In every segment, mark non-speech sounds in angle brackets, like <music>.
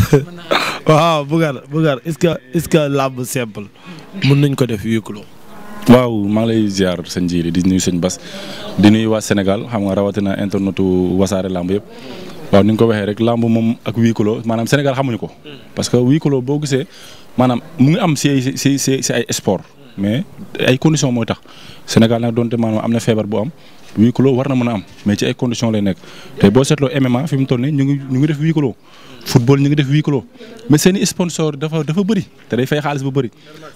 <laughs> waaw Bougar Bougar est-ce que est-ce que làmb simple mën nañ ko def yëkkuloo. waaw maa ngi lay ziar sëñ Jili di nuy sëñ Bas di nuyu waa Sénégal xam nga rawatina internetu wasaare làmb yëpp waaw ni nga ko waxee rek làmb moom ak wiikuloo maanaam Sénégal xamuñu ko. parce que wiikuloo boo gisee maanaam mu ngi am si si si ay sport. mais ay conditions mooy tax Sénégal nag doonte maanaam am na feebar bu am huis war na mën a am mais ci ay condition lay nekk te boo seetloo MMA fi mu toll nii ñu ngi ñu ngi def huis clos football ñu ngi def huis mais seen i sponsor dafa dafa bëri te day fay bu bëri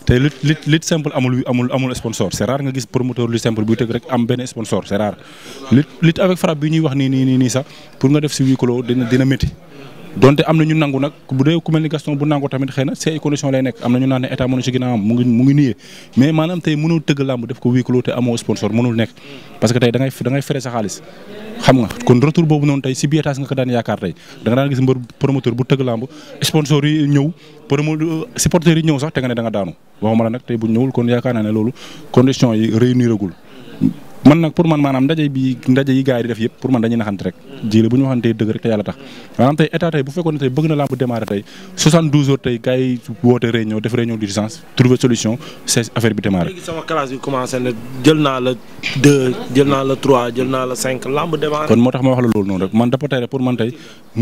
te lutte lutte simple amul amul amul sponsor c'est rare nga gis promoteur lutte simple buy tëgg rek am benn sponsor c'est rare lutte lutte avec frappe bi ñuy wax ni nii nii sax pour nga def si huis clos dina dina métti donte am na ñu nangu nag bu dee ku mel ni Gaston bu nangu tamit xëy na c'est ay condition lay nekk am na ñu naan ne état mënu ci ginnaawam mu ngi nekk parce que tey da ngay da ngay nga kon boobu noonu tey si bietage nga ko daan yaakaar tey da daan gis mbër promoteur bu tëgg làmb sponsor yi ñëw promo euh, supporters yi ñëw sax te nga ne da nga daanu waxuma la nag tey bu ñëwul kon yaakaar naa ne loolu condition yi réuniragul man nag pour man maanaam ndaje yi gars yi di def yëpp pour man dañuy naxante rek ji bu ñu waxantee dëgg rek te yàlla tax maanaam tey état tey bu fekkoon tey bëgg na làmb démarrer tey 72 heures tey gars yi woote réunion def réunion d'urgence solution c'est affaire bi démarrer. jël naa la 2 jël naa la 3 jël naa la 5 làmb démarrer. kon moo tax ma wax la loolu noonu rek man dafa tey rek pour man tey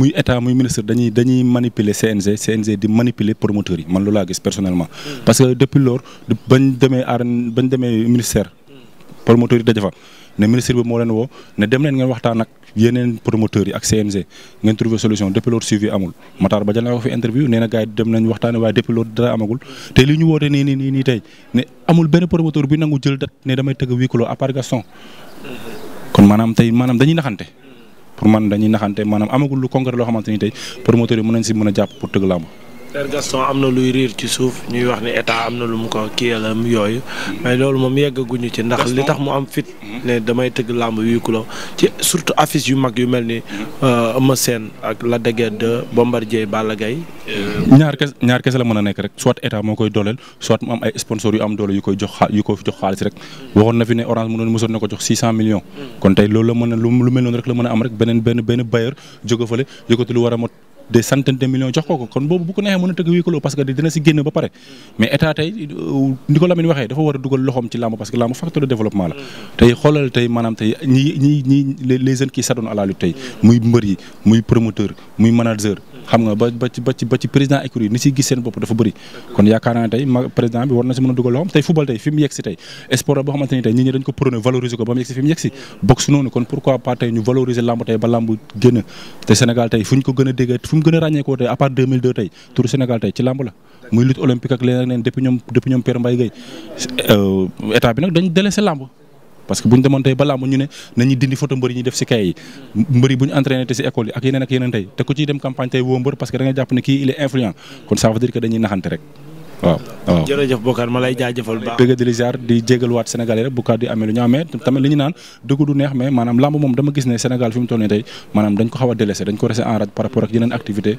muy état muy ministre dañuy dañuy CNG di manipuler gis personnellement. Hmm. parce que depuis lors bañ demee arène bañ promoteurs yi daje fa ne ministre bi moo leen woo ne dem leen ngeen waxtaan ak yeneen promoteurs yi ak CNG ngeen trouver solution depuis loolu suivi amul Matar ba jël na ko fi interview nee na gars dem nañ waxtaane waaye depuis loolu dara amagul te li ñu woote nii nii nii nii tey ne amul benn promoteur bi nangu jël date ne damay tëgg huis clos Gaston kon maanaam tey maanaam dañuy naxante pour man dañuy naxante maanaam amagul lu concret loo xamante ni tey promoteurs yi a jàpp pour tëgg Père Gaston am na luy riir ci suuf ñuy wax ni état am na lu mu ko kiyalam yooyu mais loolu moom yeggaguñu ci ndax li tax mu am fit ne damay tëgg làmb yu kulo ci surtout affiche yu mag yu mel ni euh, Eumeu Sène ak Lac de Bombardier Balla euh, ñaar kese la mën a nekk rek soit état moo koy dooleel soit mu am ay sponsor yu am doole yu koy jox xaalis rek waxoon na fi ne orange mënoon mosoon na ko jox 600 millions mm. kon tey loolu la mën a lu la mën a am rek beneen benn benn bailleur jóge fale yëkkati lu war a mot de centaines de millions jox ko ko kon boobu bu ko neexee mën a tëgg wii parce que dina si génn ba pare mais état tey euh, ni ko Lamine waxee dafa war a dugal loxoom ci làmb parce que làmb facteur de développement la tey xoolal tey maanaam tey ñi ñi le les jeunes qui s'adonnent à la lutte tey muy mbër yi muy promoteur muy manager xam nga ba ba ci ba ci ba président écurie ni siy gis seen bopp dafa bëri kon yaakaar naa tey président war na si mën a dugal loo xam tey football tey fi mu yegsi tey boo xamante ni tey nit ñi dañ ko prôné valoriser ko ba mu yegsi fi mu yegsi noonu kon pourquoi pas tey ñu valoriser lamb tey ba lamb génn te Sénégal tey fu ñu ko gën a dégg fu mu gën a ràññeekoo tey à part 2002 tey tour Sénégal tey ci lamb la muy lutte olympique ak leneen ak leneen depuis parce que bu ñu demoon tey ba làmb ñu ne nañuy dindi photo mbër yi ñuy def si kay yi mbër yi bu te si école yi ak yeneen ak yeneen tey te ku ciy dem campagne tey woo parce que da nga jàpp ne kii il est influent kon ça veut dire que dañuy naxante rek bu kaddu yi amee lu ñu tamit li naan dëgg du neex mais maanaam lamb moom dama gis ne Sénégal fi mu toll nii tey maanaam dañ ko xaw a délaissé dañ ko resté en rade par rapport ak yeneen activité